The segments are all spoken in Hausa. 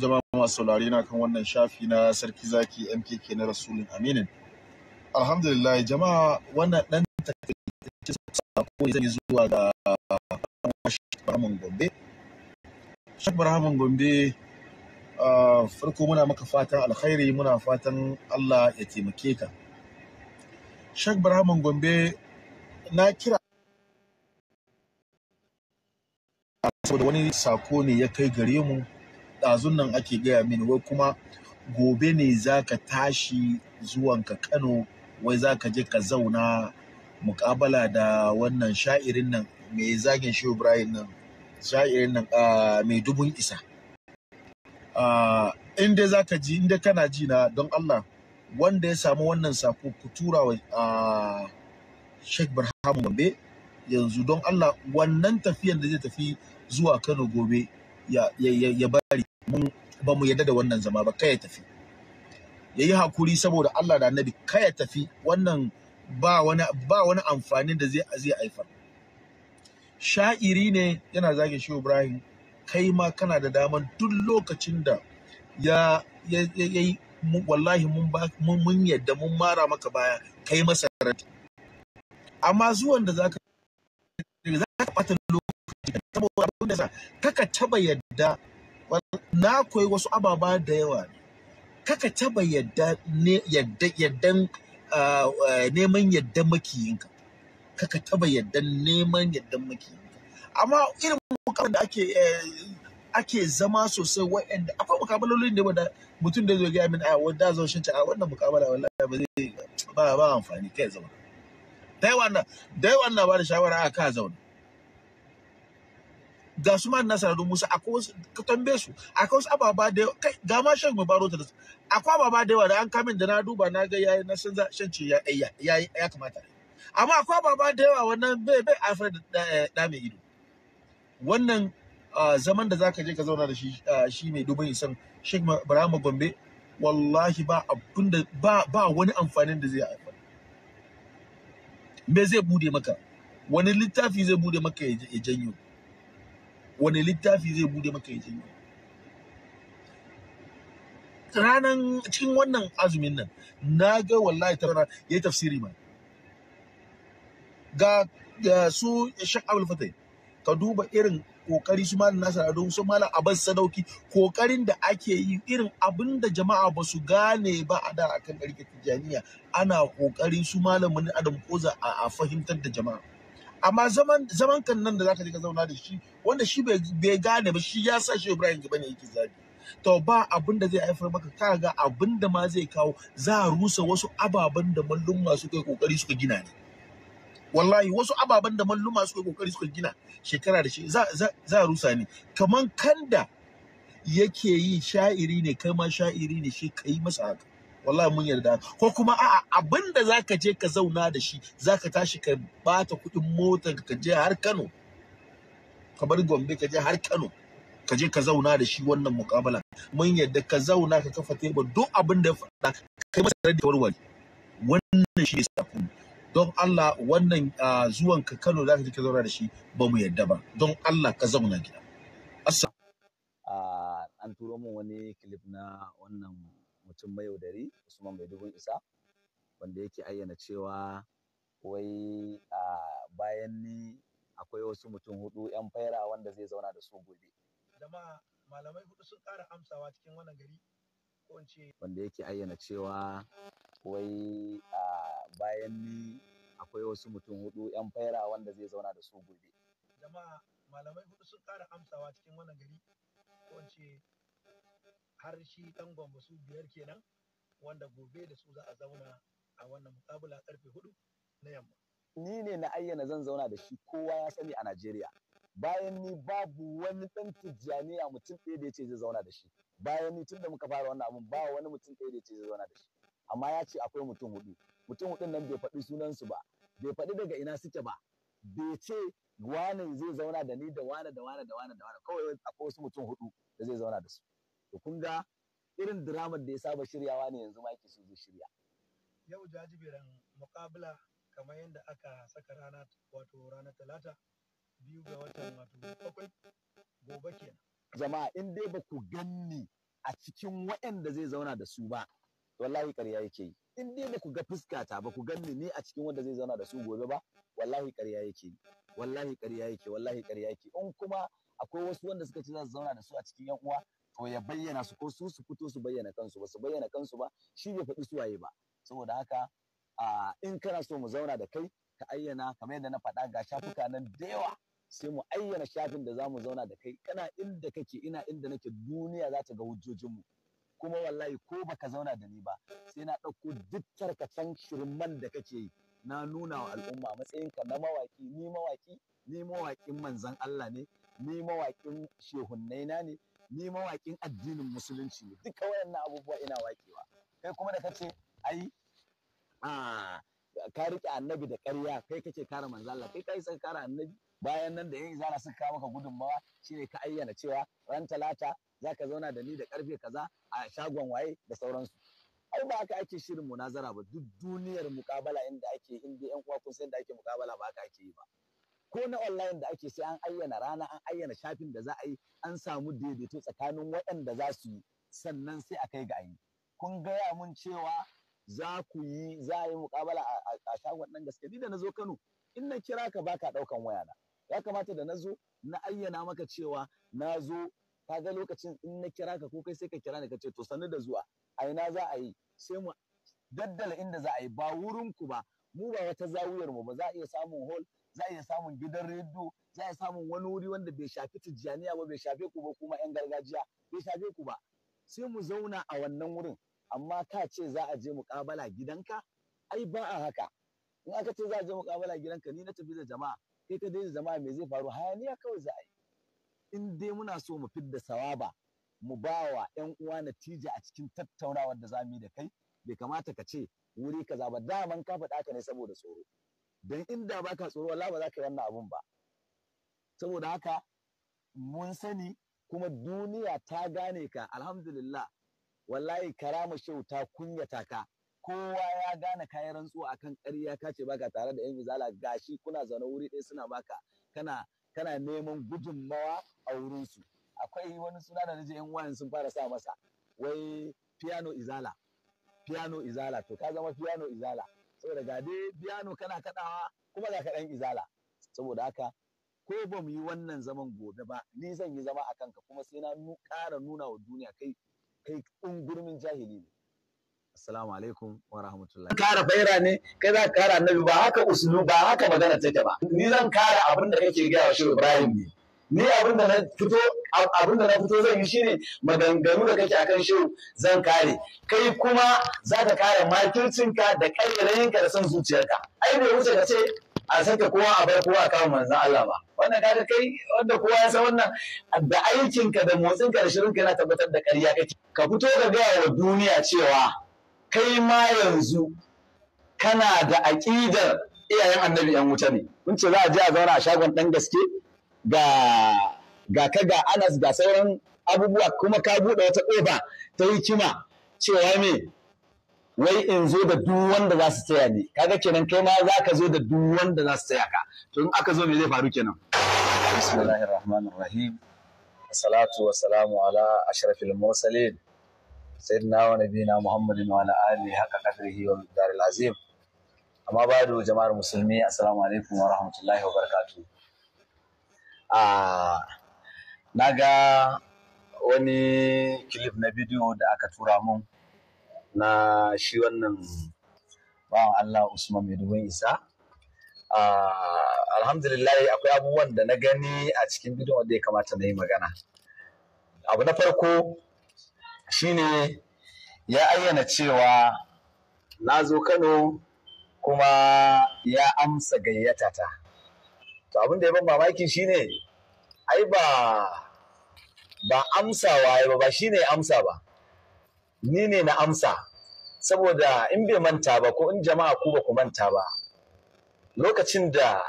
jama'a masu saurare na kan wannan shafi na sarki zaki mkk na rasulun aminin alhamdulillah jama'a wannan dan takaitaccen sako zai zuwa ga Barhaman Gombe Shek Barhaman Gombe farko muna maka fatan alkhairi muna fatan Allah ya taimake ka Shek Barhaman Gombe na kira saboda wani sako ne ya kai gare mu ɗazun nan ake gaya mini wai kuma gobe ne za ka tashi zuwanka kano wai za ka je ka zauna mukabala da wannan sha'irin nan mai zagin shi ibrahim nan sha'irin nan ah, mai dubun isa ah, in dai za ka ji inda kana ji na don allah wanda ya samu wannan sako ku tura wa ah, sheikh barhamu gombe yanzu don allah wannan tafiyan da zai tafi zuwa kano gobe ya bari ba mu yadda da wannan zama ba kai ya tafi ya yi hakuri saboda Allah da annabi kai ya tafi wannan ba wani ba wani amfanin da zai zai haifar sha'iri ne yana zage shi Ibrahim kai ma kana da daman duk lokacin da ya ya yi wallahi mun mun yadda mun mara maka baya kai masa rati amma zuwan da zaka zaka bata lokaci saboda abin da kaka taba yadda na koyi wasu ababa da yawa kaka taba yadda yadda yaddan neman yadda makiyinka kaka taba yaddan neman yaddan makiyinka amma irin mukamin da ake eh, ake zama sosai wa'anda akwai mukabalolin da wanda mutum da zo gaya min a ah, wanda zo shi a wannan mukabala wallahi ba zai ba ba amfani kai zama. da yawa na da yawa na ba da shawara a ah, ka zauna ga su ma nasara don musa akwai wasu tambaye su akwai wasu ababa da yawa kai ga ma shan baro ta akwai ababa da yawa da an kamin da na duba na ga yayi na san shan ce ya ya kamata amma akwai ababa da yawa wannan bai bai afar da da eh, mai ido wannan ah, zaman da zaka je ka zauna da shi ah, shi mai dubin isan Sheikh Barama Gombe wallahi ba abun da ba ba wani amfanin da zai haifar me zai bude maka wani littafi zai bude maka ya janyo wani littafi zai bude maka yi? Ranar cikin wannan azumin nan na ga wallahi ta rana ya yi tafsiri ma ga su Sheikh Abdul Fatai ka duba irin kokari su malam nasara don su malam Abbas Sadauki kokarin da ake yi irin abin da jama'a ba su gane ba a da akan ɗarke Tijjaniya ana kokarin su Mani Adam Koza a fahimtar da jama'a amma zaman zaman kan nan da zaka je ka zauna da shi wanda shi bai gane ba shi ya sa shi Ibrahim Gaba bane yake zabi to ba abin da zai haifar maka ka ga abin da ma zai kawo za a rusa wasu ababen da mallumma suka yi kokari suka gina ne wallahi wasu ababen da malluma suka yi kokari suka gina shekara da shi za a rusa ne kaman kanda yake yi sha'iri ne kai ma sha'iri ne shi kai masa haka wallahi mun yarda ko kuma a'a abin da zaka je ka zauna da shi zaka tashi ka bata kuɗin mota ka je har Kano kamar Gombe ka je har Kano ka je ka zauna da shi wannan muƙabala mun yarda ka zauna ka kafa tebur duk abin da ya faɗa kai masa da warware wannan shi ne sakon don Allah wannan zuwan ka Kano zaka je ka zauna da shi ba mu yarda ba don Allah ka zauna gida assalamu an turo mun wani clip na wannan mutum mai mayaudari Usman mai dubun isa wanda yake ayyana cewa wai a bayan ni akwai wasu mutum hudu yan faira wanda zai zauna da su gobe. Jama'a malamai hudu sun ƙara amsawa cikin wannan gari ko in ce. Wanda yake ayyana cewa wai a bayan ni akwai wasu mutum hudu yan faira wanda zai zauna da su gobe. Jama'a malamai hudu sun ƙara amsawa cikin wannan gari ko in ce. har shi ɗan su biyar kenan wanda gobe da su za a zauna a wannan mukabula karfe hudu na yamma. Ni ne na ayyana zan zauna da shi kowa ya sani a Najeriya. Bayan ni babu wani ɗan tijjaniya mutum ɗaya da ya ce zai zauna da shi. Bayan ni tun da muka fara wannan abun ba wani mutum ɗaya da ya ce zai zauna da shi. Amma ya ce akwai mutum hudu. Mutum hudun nan bai faɗi sunansu ba. Bai faɗi daga ina suke ba. Bai ce wane zai zauna da ni da wane da wane da wane da wane. Kawai akwai wasu mutum hudu da zai zauna da su. to kun ga irin diramar da ya saba shiryawa ne yanzu ma su so shirya yau jajiberin mukabila kamar yadda aka saka rana wato rana talata biyu ga watan wato bakwai gobe kenan jama'a in dai ba ku ganni a cikin waɗanda zai zauna da su ba wallahi ƙarya yake yi in dai ba ku ga fuskata ba ku ganni ne a cikin wanda zai zauna da su gobe ba wallahi ƙarya yake yi wallahi ƙarya yake wallahi ƙarya yake in kuma akwai wasu wanda suka ce za su zauna da su a cikin yan uwa ko ya bayyana su ko su su fito su bayyana kansu ba su bayyana kansu ba shi bai faɗi su waye ba saboda haka in kana so mu zauna da kai ka ayyana kamar yadda na faɗa ga shafuka nan da yawa sai mu ayyana shafin da za mu zauna da kai kana inda kake ina inda nake duniya za ta ga mu kuma wallahi ko baka zauna da ni ba sai na ɗauko duk tarkacen shirman da kake yi na nuna wa al'umma matsayinka na mawaki ni mawaki ni mawakin manzon Allah ne ni mawaƙin shehunnaina na ne ni mawaƙin addinin musulunci ne duka wayannan abubuwa ina wakewa kai kuma da kace ai ka riƙe annabi da ƙarya kai kake kare manzala kai kai yi sai kare annabi bayan nan da yin zara suka kawo maka gudunmawa shine ka ayyana cewa ran talata za ka zauna da ni da ƙarfe kaza a shagon waye da sauransu ai ba haka ake shirin munazara ba duk duniyar mukabala inda ake inda yan uwa kun san da ake mukabala ba haka ake yi ba ko na online da ake sai an ayyana rana an ayyana shafin da za a yi an samu daidaito tsakanin waɗanda za su yi sannan sai a kai ga ayi kun gaya mun cewa za ku yi za a yi muƙabala a shagon nan gaske ni da na zo Kano in na kira ka baka ɗaukan waya na ya kamata da na zo na ayyana maka cewa na zo ka ga lokacin in na kira ka ko kai sai ka kira ni ka ce to sanu da zuwa a ina za a yi sai mu daddala inda za a yi ba wurin ku ba mu ba wata zawiyar mu ba za a iya samun hall za a iya samun gidan rediyo za a samun wani wuri wanda bai shafi tijjaniya ba bai shafe ku ba kuma yan gargajiya bai shafe ku ba sai mu zauna a wannan wurin amma ka ce za a je muƙabala gidanka ai ba a haka in aka ce za a je muƙabala gidanka ni na tafi da jama'a kai ka daina jama'a me zai faru hayaniya kawai za a yi in dai muna so mu fidda sawaba mu ba wa 'yan uwa natija a cikin tattaunawar da za mu yi da kai bai kamata ka ce wuri kaza ba daman ka faɗa ka ne saboda tsoro don inda ba ka tsoro wala ba za ka yi wannan abun ba saboda haka mun sani kuma duniya ta gane ka alhamdulillah wallahi karama shehu ta kunyata ka kowa ya gane kayan rantsuwa akan ƙarya ka ce baka tare da yan izala gashi kuna zaune wuri ɗaya suna baka kana kana neman gudunmawa a wurinsu akwai wani suna da naje yan wayan sun fara sa masa wai piano izala piano izala to ka zama piano izala saboda ga dai biyano kana kaɗawa kuma ga kaɗan izala saboda haka ko ba mu yi wannan zaman gobe ba ni zan yi zama a kanka kuma sai na ƙara nuna wa duniya kai kai ungurmin jahili ne assalamu alaikum wa rahmatullahi kara faira ne kai za ka kara annabi ba haka usulu ba haka magana take ba ni zan kara abin da kake gaya wa shi Ibrahim ne ni abin da na fito abin da na fito zan yi shine maganganu da kake akan shehu zan kare kai kuma zaka kare makircinka da karyarayinka da son zuciyarka ai bai wuce ka ce a saka kowa a bar kowa a kawo manzon Allah ba wannan kaga kai wanda kowa ya san wannan da aikinka da motsinka da shirinka yana tabbatar da ƙarya kake ka fito ka gaya wa duniya cewa kai ma yanzu kana da aƙidar iyayen annabi yan wuta ne Mun ce za a je a zauna a shagon ɗan gaske ga ka ga anas ga sauran abubuwa kuma ka buɗe wata ƙofa ta hikima cewa me wai in zo da duk wanda za su tsaya ne kaga kenan kai ma za ka zo da duk wanda za su tsaya ka to in aka zo me zai faru kenan bismillahir rahmanir rahim salatu wa salamu ala ashrafil mursalin sayyidina wa nabiyina muhammadin wa ala alihi haqa qadrihi wa miqdaril azim amma da jama'ar musulmi assalamu alaikum wa rahmatullahi wa barakatuh a na ga wani clip na bidiyo da aka tura mun na shi wannan bawan Allah Usman Maiduguri Isa alhamdulillah akwai abubuwan da na gani a cikin bidiyon da ya kamata na yi magana abu na farko shine ya ayyana cewa na zo Kano kuma ya amsa gayyata ta to abin da ya ban mamaki shine ai ba ba amsawa ya ba ba shine amsa ba ni ne na amsa saboda in bai manta ba ko in jama'a ku ba ku manta ba lokacin da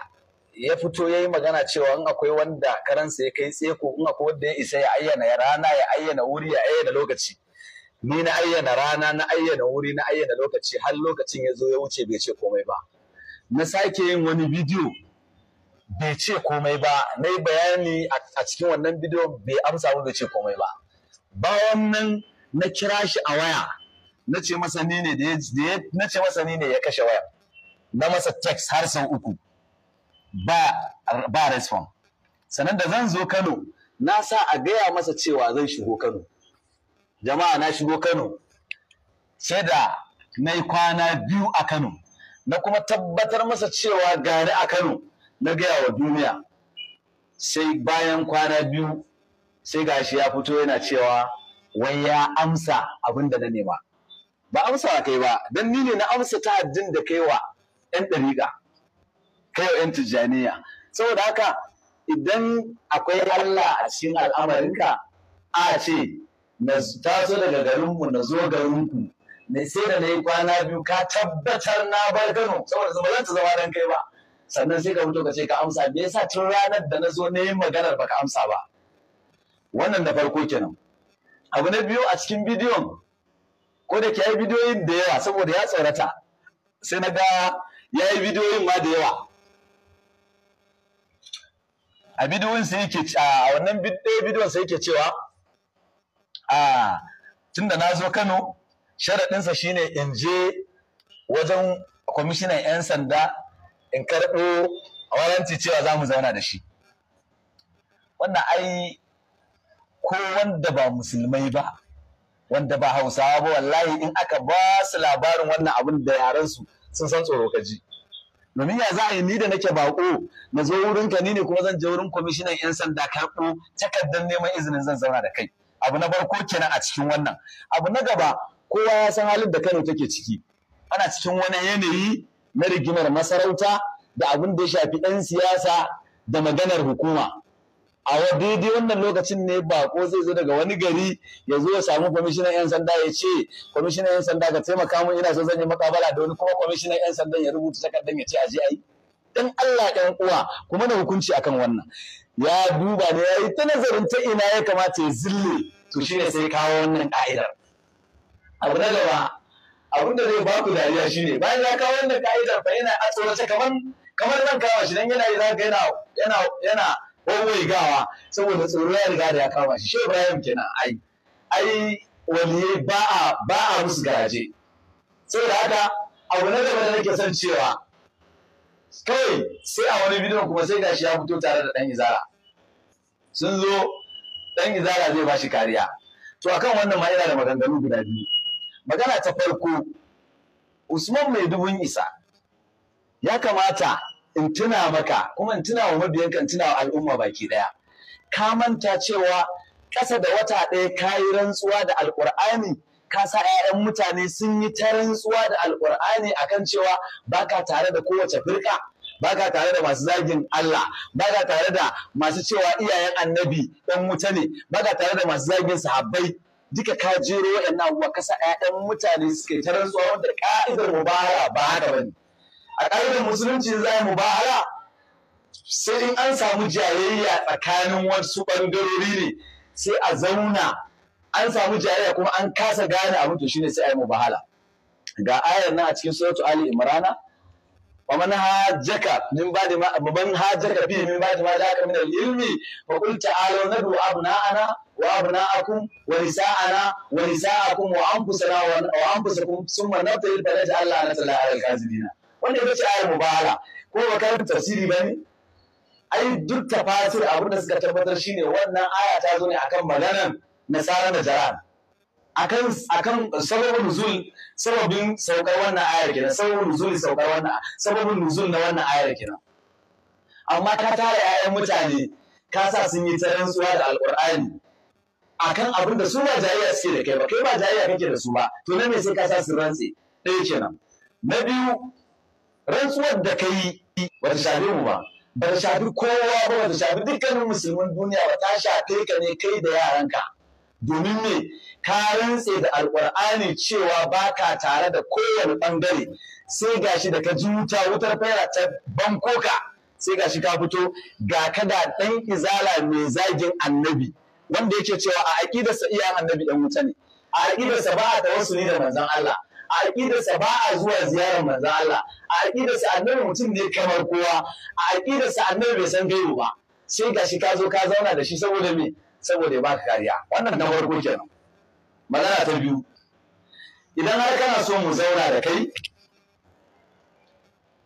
ya fito ya yi magana cewa in akwai wanda karansa ya kai tseko in akwai wanda ya isa ya ayyana ya rana ya ayyana wuri ya ayyana lokaci ni na ayyana rana na ayyana wuri na ayyana lokaci har lokacin ya zo ya wuce bai ce komai ba na sake yin wani bidiyo bai ce komai ba na yi bayani a cikin wannan bidiyon bai amsa ba bai ce komai ba bayan nan na kira shi a waya na ce masa ni ne na ce masa ni ne ya kashe waya na masa text har sau uku ba ba respond sannan da zan zo Kano na sa a gaya masa cewa zan shigo Kano jama'a na shigo Kano sai da na yi kwana biyu a Kano na kuma tabbatar masa cewa gari a Kano na gaya wa duniya sai bayan kwana biyu sai gashi ya fito yana cewa wai ya amsa abin da na nema ba amsa wa kai ba don ni ne na amsa ta addin da kai wa 'yan ɗariƙa kai wa 'yan tijjaniya saboda haka idan akwai Allah a cikin al'amarinka a ce na taso daga garinmu na zo garinku na sai da na yi kwana biyu ka tabbatar na bar gano. saboda zama zan ta zama dan kai ba sannan sai ka fito ka ce ka amsa me yasa tun ranar da na zo na yi maganar baka amsa ba wannan da farko kenan abu na biyu a cikin bidiyon ko da ke yi bidiyoyin da yawa saboda ya tsorata sai na ga ya yi bidiyoyin ma da yawa a bidiyoyin sai yake a wannan bidiyon sai yake cewa a tunda na zo Kano sharaɗinsa shine in je wajen kwamishinan 'yan sanda in karɓo a waranci cewa za mu zauna da shi wannan ai ko wanda ba musulmai ba wanda ba hausawa ba wallahi in aka ba su labarin wannan abin da yaran su sun san tsoro kaji. ji domin ya za a yi ni da nake bako na zo wurin ka ni ne kuma zan je wurin kwamishinan yan sanda karɓo takardar neman izinin zan zauna da kai abu na farko kenan a cikin wannan abu na gaba kowa ya san halin da Kano take ciki ana cikin wani yanayi na rigimar masarauta da abin da ya shafi 'yan siyasa da maganar hukuma a daidai wannan lokacin ne bako zai zo daga wani gari ya zo ya samu kwamishinan 'yan sanda ya ce kwamishinan 'yan sanda ka taimaka mun ina so zan yi makabala da wani kuma kwamishinan 'yan sandan ya rubuta takardar ya ce a je a yi dan Allah ɗan uwa kuma na hukunci akan wannan ya duba ne ya yi ta nazarin ta ina ya kamata ya zille to shine sai kawo wannan ka'idar abu na gaba abin da zai ba ku dariya shine bayan ya kawo wannan ka'idar fa yana a tsorace kamar kamar zan shi dan yana zaka yana yana yana gawa saboda tsoro ya riga da ya kama shi shehu Ibrahim kenan ai ai ba a ba a musu garaje saboda haka abu na gaba da nake son cewa kai sai a wani bidiyon kuma sai gashi ya fito tare da dan izara sun zo dan izara zai ba shi kariya to akan wannan ma yana da maganganu guda biyu magana ta farko usman mai dubun isa ya kamata in tuna maka kuma in tuna wa mabiyanka in tuna wa al'umma baki daya ka manta cewa ƙasa da wata ɗaya ka yi rantsuwa da alƙur'ani ka sa 'ya'yan mutane sun yi ta rantsuwa da alƙur'ani akan cewa ba ka tare da kowace firka ka tare da masu zagin Allah Ba ka tare da masu cewa iyayen annabi ɗan wuta ne Ba ka tare da masu zagin sahabbai duka ka jero waɗannan abubuwa kasa ƴaƴan mutane suke ta rantsuwa wanda ka'idar mu ba haka bane a ƙa'idar musulunci za mu mubara sai in an samu jayayya tsakanin wasu ɓangarori ne sai a zauna an samu jayayya kuma an kasa gane abin to shine sai a yi mubahala ga ayar nan a cikin suratu ali imrana ومن هاجك من بعد ما من هاجك به من بعد ما جاءك من العلم فقل تعالوا ندعو ابناءنا وابناءكم ونساءنا ونساءكم وانفسنا وانفسكم ثم نبتل فنجعل لعنة الله على الكاذبين wanda ya ce ayar mubala ko ba karin tafsiri ba ne ai duk tafasir abin da suka tabbatar shine wannan aya ta zo ne akan akan akan sababin nuzul sababin saukar wannan ayar kenan sababin nuzul saukar wannan sababin nuzul na wannan ayar kenan amma ka tare 'ya'yan mutane ka sa sun yi ta rantsuwa da alqur'ani akan abin da su ba jayayya suke da kai ba kai ba jayayya kake da su ba to na me sai ka sa su rantse ɗaya kenan na biyu rantsuwar da ka yi ba ta shafe mu ba ba ta shafi kowa ba ba ta shafi dukkanin musulmin duniya ba ta shafe ka ne kai da yaranka domin me ka rantse da alƙur'ani cewa ba ka tare da kowane ɓangare sai gashi da ka ji wuta wutar fera ta bankoka sai gashi ka fito ga ka da ɗan izala mai zagin annabi wanda yake cewa a aƙidarsa iya annabi ɗan wuta ne a aƙidarsa ba a ne da manzon Allah a aƙidarsa ba a zuwa ziyarar manzo Allah a aƙidarsa annabi mutum ne kamar kowa a aƙidarsa annabi bai san gaibu ba sai gashi ka zo ka zauna da shi saboda me saboda ya baka kariya wannan na farko kenan magana ta biyu idan har kana so mu zauna da kai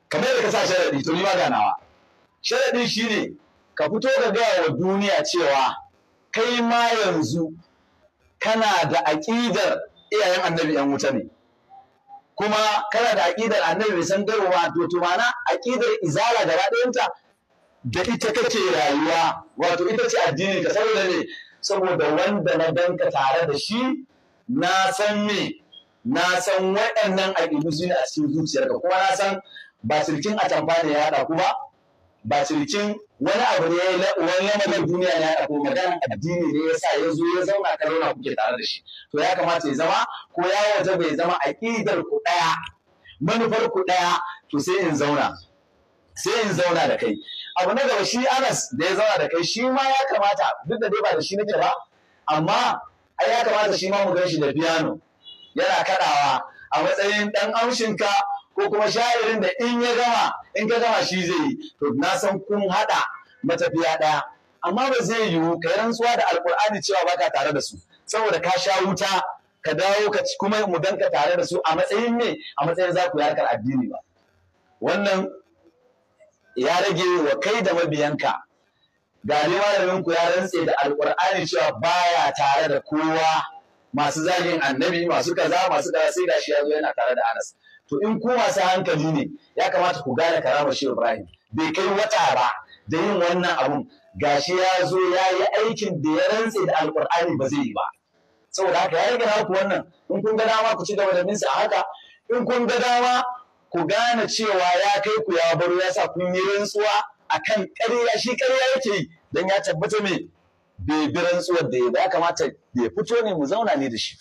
kamar da ka sa sharaɗi to ni ma ganawa sharaɗin shine ka fito ka gaya wa duniya cewa kai ma yanzu kana da aƙidar iyayen annabi yan wuta ne kuma kana da aƙidar annabi mai san garuwa to to mana aƙidar izala gaba ɗayanta da ita kake rayuwa wato ita ce addini ka saboda ne saboda wanda na danka tare da shi na san me na san waɗannan a su ne a cikin zuciyarka kuma na san ba a atamfa ne ya haɗa ku ba ba wani abu ne wani lamarin duniya ne ya haɗa ku magana addini ne ya sa ya zo ya zauna ka zauna kuke tare da shi to ya kamata ya zama ko ya waje bai zama a ƙidar ku ɗaya manufar ku ɗaya to sai in zauna sai in zauna da kai abu na gaba shi anas da ya zama da kai shi ma ya kamata duk da dai ba da shi nake ba amma ai ya kamata shi ma mu gan shi da piano yana kaɗawa a matsayin ɗan amshinka ko kuma sha'irin da in ya gama in ka gama shi zai yi to na san kun haɗa matafiya ɗaya amma ba zai yiwu ka yi rantsuwa da alkur'ani cewa baka tare da su saboda ka sha wuta ka dawo ka kuma mu danka tare da su a matsayin ne a matsayin za ku yi addini ba wannan ya rage wa kai da mabiyanka ga malamin ku ya rantse da alkur'ani cewa baya tare da kowa masu zagin annabi masu kaza masu kaza sai gashi ya zo yana tare da Anas to in ku masu hankali ne ya kamata ku gane karamar shi Ibrahim bai kai wata ba da yin wannan abun gashi ya zo ya yi aikin da ya rantse da alkur'ani ba zai yi ba saboda haka ya rage naku wannan in kun ga dama ku ci gaba da minsa a haka in kun ga dama ku gane cewa ya kai ku ya baro ya sa kun yi rantsuwa akan ƙarya shi ƙarya yake yi dan ya tabbata me bai bi rantsuwar da ya kamata ya fito ne mu zauna ne da shi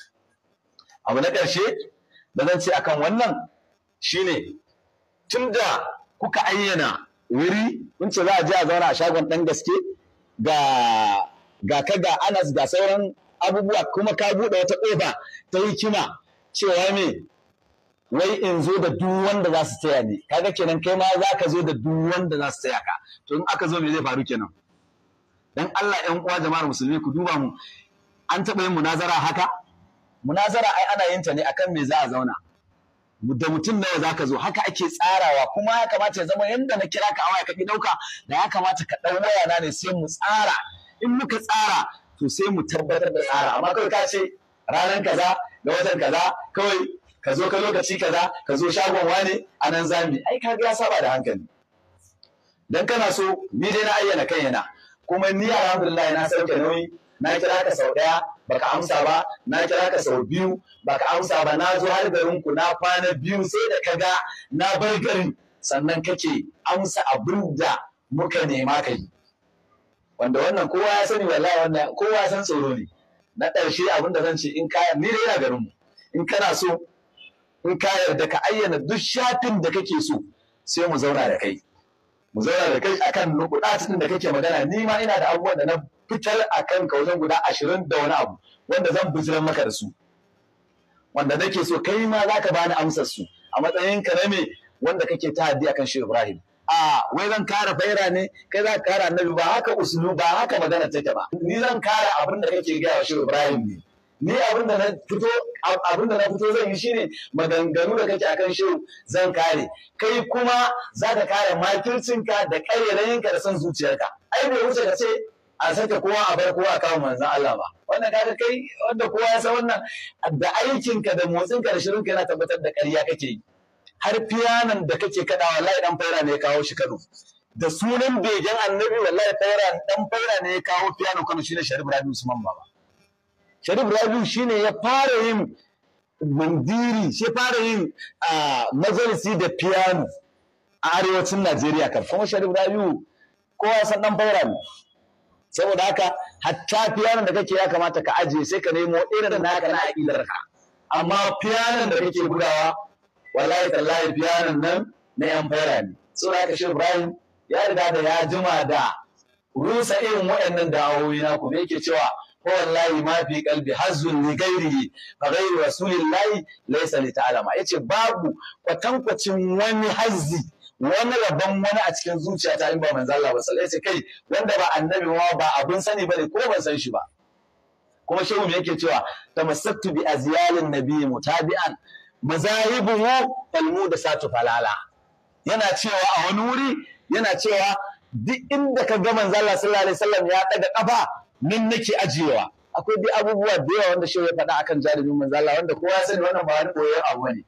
abu na ƙarshe da zan ce akan wannan shine da kuka ayyana wuri kun ce za a je a zauna a shagon ɗan gaske ga ga ka ga anas ga sauran abubuwa kuma ka buɗe wata ƙofa ta hikima cewa me wai in zo da duk wanda za su taya ni kaga kenan kai ma za ka zo da duk wanda za su taya ka to in aka zo me zai faru kenan dan Allah ƴan uwa jama'ar musulmi ku duba mu an taɓa yin munazara haka munazara ai ana yin ta ne akan me za a zauna da mutum nawa za ka zo haka ake tsarawa kuma ya kamata ya zama yadda na kira ka a waya ka ɗauka da ya kamata ka ɗau waya na ne sai mu tsara in muka tsara to sai mu tabbatar da tsara amma kawai ka ce ranar kaza da watan kaza kawai ka zo ka lokaci kaza ka zo shagon wane a nan zami ai ka ya saba da hankali dan kana so ni dai na ayyana kan yana kuma ni alhamdulillah na sauke nauyi na kira ka sau daya baka amsa ba na kira ka sau biyu baka amsa ba na zo har garin ku na kwana biyu sai da kaga na bar garin sannan kake amsa abin da muka nema ka yi wanda wannan kowa ya sani wallahi wannan kowa ya san tsoro ne na ƙarshe abin da zan ce in ka ni dai ina garin mu in kana so in ka yarda ka ayyana duk shafin da kake so sai mu zauna da kai mu zauna da kai akan nukudatin da kake magana ni ma ina da abubuwan da na fitar a ka wajen guda ashirin da wani abu wanda zan bijiran maka da su wanda nake so kai ma za ka bani amsar su a matsayin ka na me wanda kake ta haddi akan shi Ibrahim a wai zan kara faira ne kai za ka kara annabi ba haka usulu ba haka magana take ba ni zan kara abin da kake gaya wa shi Ibrahim ne ni abinda na fito abinda na fito zan yi shine maganganu da kake akan shi zan kare kai kuma za ka kare makircinka da karerayinka da son zuciyarka ai bai wuce ka ce a sake kowa a bar kowa kawo manzan Allah ba wannan kaga kai wanda kowa ya san wannan da aikinka da motsinka da shirinka yana tabbatar da ƙarya kake yi har fiyanan da kake kaɗa wallahi dan faira ne ya kawo shi Kano da sunan begen annabi wallahi faira dan faira ne ya kawo fiyano Kano shine Sharif Rabi Usman Baba sharif rabiu shine ya fara yin mandiri shi fara yin majalisi da piano a arewacin najeriya kan kuma sharif rabiu kowa san dan faura ne saboda haka hatta piano da kake ya kamata ka ajiye sai ka nemo irin naka na aƙilar ka amma piano da kake gudawa wallahi tallahi piano nan na yan faura ne saboda haka sharif ya riga da ya jima da rusa irin waɗannan dawowi na kuma yake cewa wallahi ma fi kalbi hazzun li ghairihi fa ghairu rasulillahi laysa li ta'lama yace babu kwatankwacin wani hazzi wani rabon wani a cikin zuciya ta in ba manzo Allah ba sallallahu alaihi kai wanda ba annabi ma ba abun sani bane ko ban san shi ba kuma shehu me yake cewa tamassatu bi azyalin nabiy mutabi'an mazahibuhu falmu da satu falala yana cewa a wani wuri yana cewa duk inda ka ga manzo Allah sallallahu alaihi wasallam ya daga kafa nan nake ajiyewa akwai dai abubuwa da yawa wanda shehu ya faɗa akan jarumin manzala, wanda kowa ya sani wannan ba wani koyon abu ne